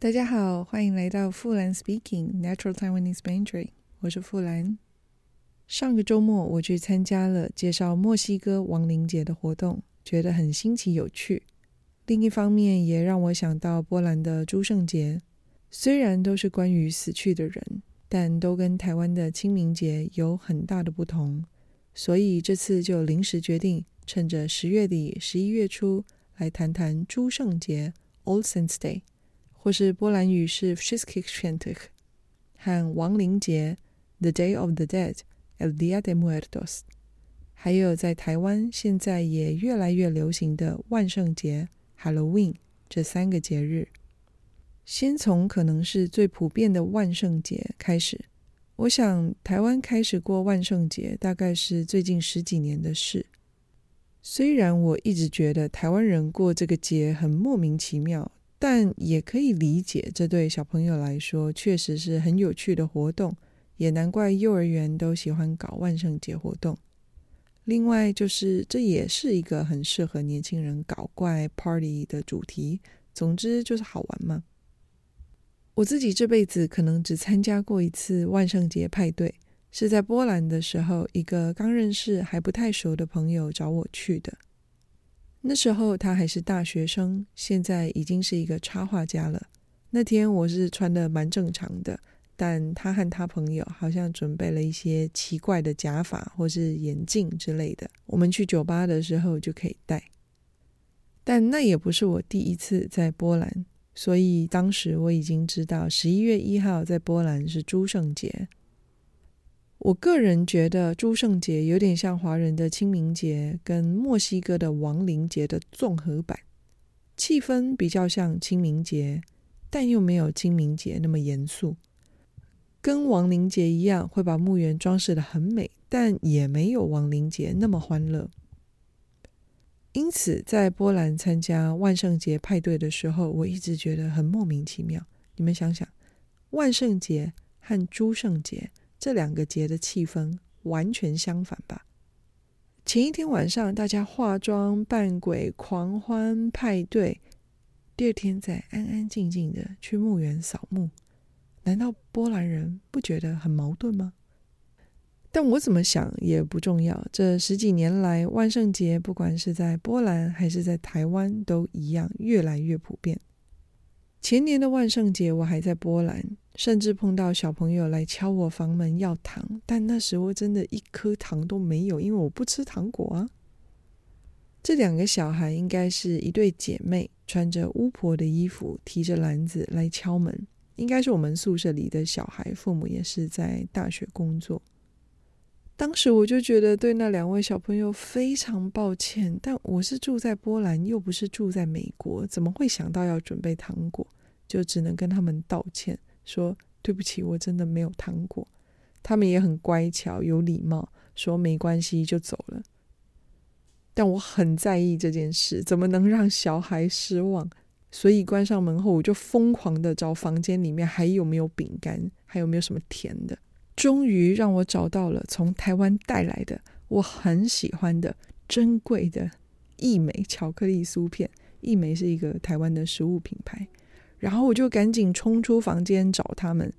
大家好，歡迎來到富蘭 Speaking Natural Taiwanese Mandarin。我是富蘭。上個週末我去參加了介紹墨西哥亡靈節的活動，覺得很新奇有趣。另一方面，也讓我想到波蘭的諸聖節。雖然都是關於死去的人，但都跟台灣的清明節有很大的不同。所以這次就臨時決定，趁着十月底、十一月初來談談諸聖節 （All Saints Day）。或是波蘭語是 Świętych 和亡靈節 The Day of the Dead El Día de Muertos，還有在台灣現在也越來越流行的萬聖節 Halloween 這三個節日。先從可能是最普遍的萬聖節開始，我想台灣開始過萬聖節大概是最近十幾年的事。雖然我一直覺得台灣人過這個節很莫名其妙。但也可以理解，這對小朋友來說確實是很有趣的活動，也難怪幼兒園都喜歡搞萬聖節活動。另外，就是這也是一個很適合年輕人搞怪 party 的主題，總之就是好玩嘛。我自己這輩子可能只參加過一次萬聖節派對，是在波蘭的時候，一個剛認識還不太熟的朋友找我去的。那時候他還是大學生，現在已經是一個插畫家了。那天我是穿的蠻正常的，但他和他朋友好像準備了一些奇怪的假髮或是眼鏡之類的。我們去酒吧的時候就可以戴，但那也不是我第一次在波蘭，所以當時我已經知道十一月一號在波蘭是諸聖節。我個人覺得諸聖節有點像華人的清明節跟墨西哥的亡靈節的綜合版，氣氛比較像清明節，但又沒有清明節那麼嚴肅。跟亡靈節一樣，會把墓園裝飾得很美，但也沒有亡靈節那麼歡樂。因此，在波蘭參加萬聖節派對的時候，我一直覺得很莫名其妙。你們想想，萬聖節和諸聖節。這兩個節的氣氛完全相反吧？前一天晚上大家化妝扮鬼狂歡派對，第二天再安安靜靜的去墓園掃墓，難道波蘭人不覺得很矛盾嗎？但我怎麼想也不重要。這十幾年來，萬聖節不管是在波蘭還是在台灣，都一樣越來越普遍。前年的萬聖節，我還在波蘭。甚至碰到小朋友來敲我房門要糖，但那時候真的一顆糖都沒有，因為我不吃糖果啊。這兩個小孩應該是一對姐妹，穿着巫婆的衣服，提着籃子來敲門，應該是我們宿舍裡的小孩。父母也是在大學工作，當時我就覺得對那兩位小朋友非常抱歉。但我是住在波蘭，又不是住在美國，怎麼會想到要準備糖果？就只能跟他們道歉。說對不起，我真的沒有糖果。他們也很乖巧，有禮貌，說沒關係就走了。但我很在意這件事，怎麼能讓小孩失望？所以關上門後，我就瘋狂的找房間裡面還有沒有餅乾，還有沒有什麼甜的。終於讓我找到了從台灣帶來的我很喜歡的珍貴的義美巧克力酥片，義美是一個台灣的食物品牌。然後我就趕緊衝出房間找他們，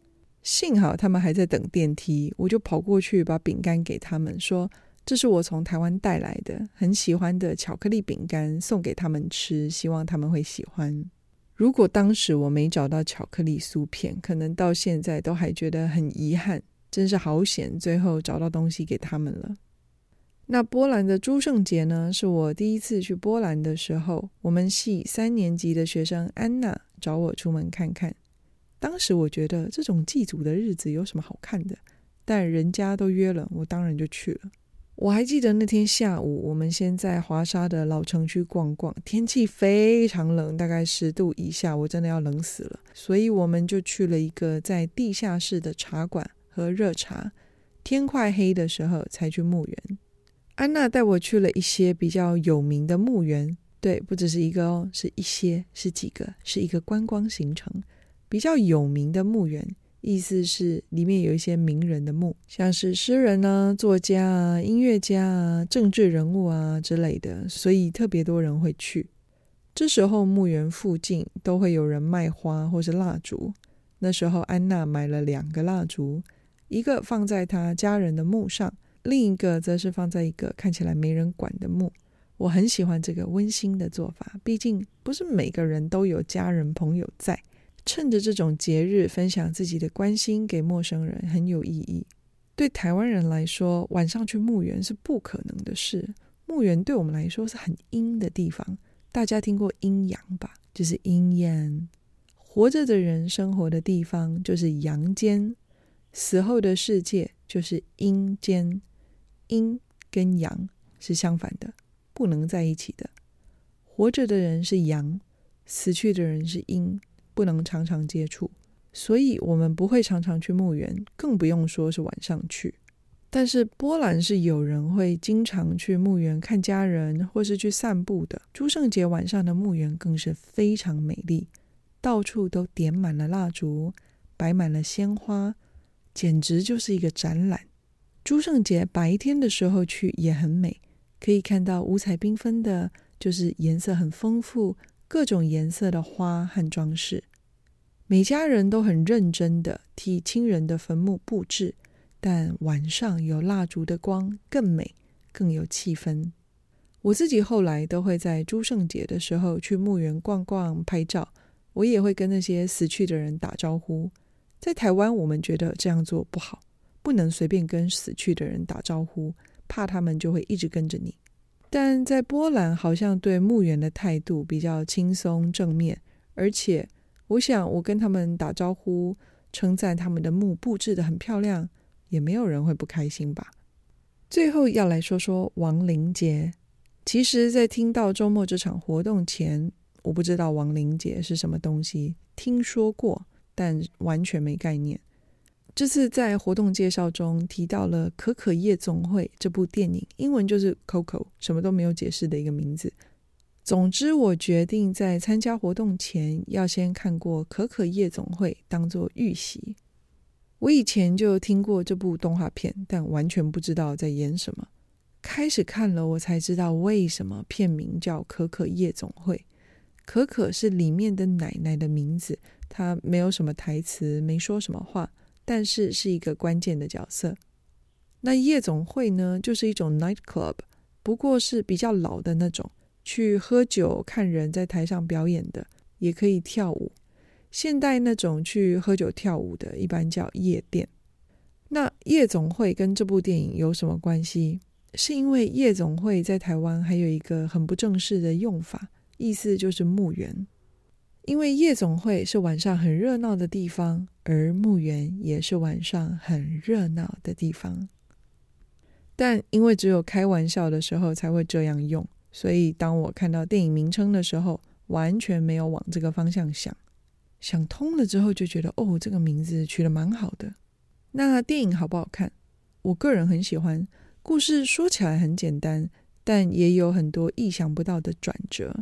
幸好他們還在等電梯，我就跑過去把餅乾給他們，說這是我從台灣帶來的很喜歡的巧克力餅乾，送給他們吃，希望他們會喜歡。如果當時我沒找到巧克力酥片，可能到現在都還覺得很遺憾，真是好險！最後找到東西給他們了。那波蘭的諸聖節呢？是我第一次去波蘭的時候，我們系三年級的學生安娜找我出門看看。當時我覺得這種祭祖的日子有什麼好看的？但人家都約了，我當然就去了。我還記得那天下午，我們先在華沙的老城區逛逛，天氣非常冷，大概十度以下，我真的要冷死了。所以我們就去了一個在地下室的茶館喝熱茶，天快黑的時候才去墓園。安娜帶我去了一些比較有名的墓園，對，不只是一個哦，是一些，是幾個，是一個觀光行程。比較有名的墓園，意思是裡面有一些名人的墓，像是詩人啊、作家啊、音樂家啊、政治人物啊之類的，所以特別多人會去。這時候墓園附近都會有人賣花或是蠟燭。那時候安娜買了兩個蠟燭，一個放在她家人的墓上。另一個則是放在一個看起來沒人管的墓，我很喜歡這個溫馨的做法。畢竟不是每個人都有家人朋友在，趁着這種節日分享自己的關心給陌生人，很有意義。對台灣人來說，晚上去墓園是不可能的事。墓園對我們來說是很陰的地方。大家聽過陰陽吧？就是陰間，活着的人生活的地方就是陽間，死後的世界就是陰間。陰跟陽是相反的，不能在一起的。活着的人是陽，死去的人是陰，不能常常接觸，所以我們不會常常去墓園，更不用說是晚上去。但是波蘭是有人會經常去墓園看家人，或是去散步的。諸聖節晚上的墓園更是非常美麗，到處都點滿了蠟燭，擺滿了鮮花，簡直就是一個展覽。諸聖節白天的時候去也很美，可以看到五彩繽紛的，就是顏色很豐富，各種顏色的花和裝飾。每家人都很認真的替親人的墳墓佈置，但晚上有蠟燭的光更美，更有氣氛。我自己後來都會在諸聖節的時候去墓園逛逛拍照，我也會跟那些死去的人打招呼。在台灣，我們覺得這樣做不好。不能隨便跟死去的人打招呼，怕他們就會一直跟着你。但在波蘭，好像對墓園的態度比較輕鬆正面，而且我想，我跟他們打招呼，稱讚他們的墓布置得很漂亮，也沒有人會不開心吧。最後要來說說亡靈節。其實，在聽到周末這場活動前，我不知道亡靈節是什麼東西，聽說過，但完全沒概念。這次在活動介紹中提到了《可可夜總會》這部電影，英文就是 Coco，什麼都沒有解釋的一個名字。總之，我決定在參加活動前要先看過《可可夜總會》當做預習。我以前就聽過這部動畫片，但完全不知道在演什麼。開始看了，我才知道為什麼片名叫《可可夜總會》。可可是裡面的奶奶的名字，她沒有什麼台詞，沒說什麼話。但是是一個關鍵的角色。那夜總會呢，就是一種 night club，不過是比較老的那種，去喝酒、看人在台上表演的，也可以跳舞。現代那種去喝酒跳舞的，一般叫夜店。那夜總會跟這部電影有什麼關係？是因為夜總會在台灣還有一個很不正式的用法，意思就是墓園。因為夜總會是晚上很熱鬧的地方。而墓園也是晚上很熱鬧的地方，但因為只有開玩笑的時候才會這樣用，所以當我看到電影名稱的時候，完全沒有往這個方向想。想通了之後，就覺得哦，這個名字取得蠻好的。那電影好不好看？我個人很喜歡。故事說起來很簡單，但也有很多意想不到的轉折。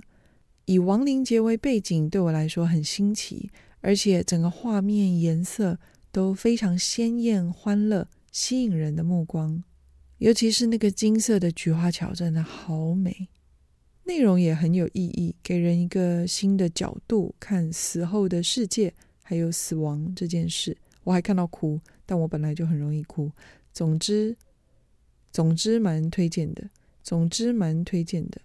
以亡靈節為背景，對我來說很新奇。而且整個畫面顏色都非常鮮艷、歡樂，吸引人的目光。尤其是那個金色的菊花橋，真的好美。內容也很有意義，給人一個新的角度看死後的世界，還有死亡這件事。我還看到哭，但我本來就很容易哭。總之，總之蠻推薦的，總之蠻推薦的。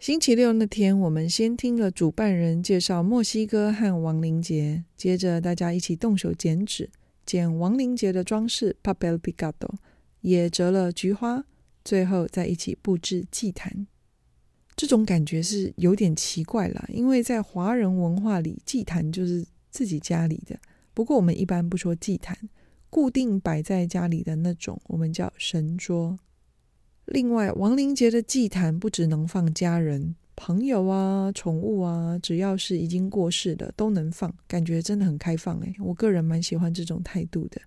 星期六那天，我們先聽了主辦人介紹墨西哥和亡靈節，接着大家一起動手剪紙，剪亡靈節的裝飾 papel picado，也折了菊花，最後再一起布置祭壇。這種感覺是有點奇怪啦，因為在華人文化裡，祭壇就是自己家裡的，不過我們一般不說祭壇，固定擺在家裡的那種，我們叫神桌。另外，亡靈節的祭壇不只能放家人、朋友啊、寵物啊，只要是已經過世的都能放，感覺真的很開放誒，我個人蠻喜歡這種態度的，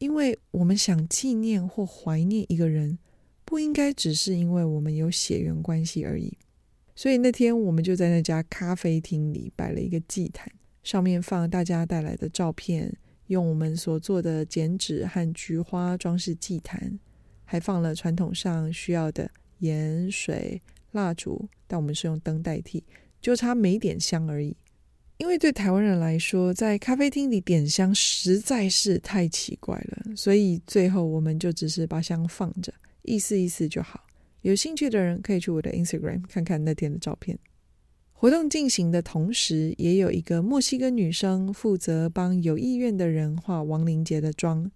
因為我們想紀念或懷念一個人，不應該只是因為我們有血緣關係而已。所以那天我們就在那家咖啡廳裡擺了一個祭壇，上面放大家帶來的照片，用我們所做的剪紙和菊花裝飾祭壇。還放了傳統上需要的鹽、水、蠟燭，但我們是用燈代替，就差沒點香而已。因為對台灣人來說，在咖啡廳裡點香實在是太奇怪了，所以最後我們就只是把香放着，意思意思就好。有興趣的人可以去我的 Instagram 看看那天的照片。活動進行的同時，也有一個墨西哥女生負責幫有意願的人化亡靈節的妝。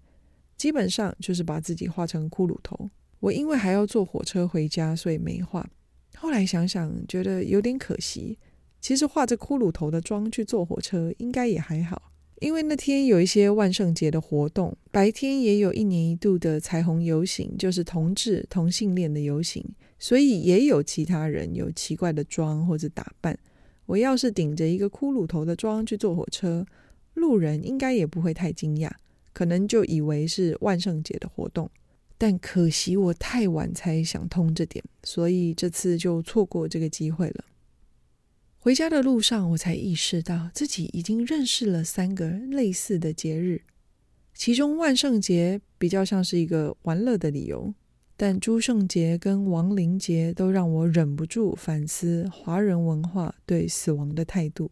基本上就是把自己化成骷髏頭。我因為還要坐火車回家，所以沒化。後來想想，覺得有點可惜。其實化着骷髏頭的妝去坐火車，應該也還好。因為那天有一些萬聖節的活動，白天也有一年一度的彩虹遊行，就是同志、同性戀的遊行，所以也有其他人有奇怪的妝或者打扮。我要是頂着一個骷髏頭的妝去坐火車，路人應該也不會太驚訝。可能就以為是萬聖節的活動，但可惜我太晚才想通這點，所以這次就錯過這個機會了。回家的路上，我才意識到自己已經認識了三個類似的節日，其中萬聖節比較像是一個玩樂的理由，但諸聖節跟亡靈節都讓我忍不住反思華人文化對死亡的態度。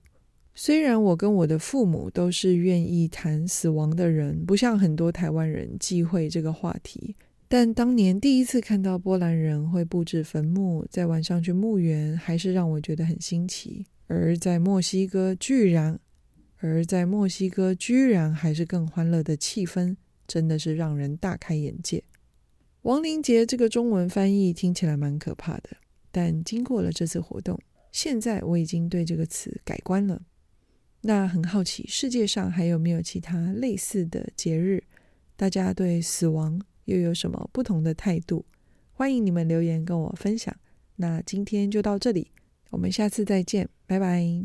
雖然我跟我的父母都是願意談死亡的人，不像很多台灣人忌諱這個話題，但當年第一次看到波蘭人會布置墳墓，在晚上去墓園，還是讓我覺得很新奇。而在墨西哥居然，而在墨西哥居然還是更歡樂的氣氛，真的是讓人大開眼界。亡靈節這個中文翻譯聽起來蠻可怕的，但經過了這次活動，現在我已經對這個詞改觀了。那很好奇，世界上還有沒有其他類似的節日？大家對死亡又有什麼不同的態度？歡迎你們留言跟我分享。那今天就到這裡，我們下次再見，拜拜。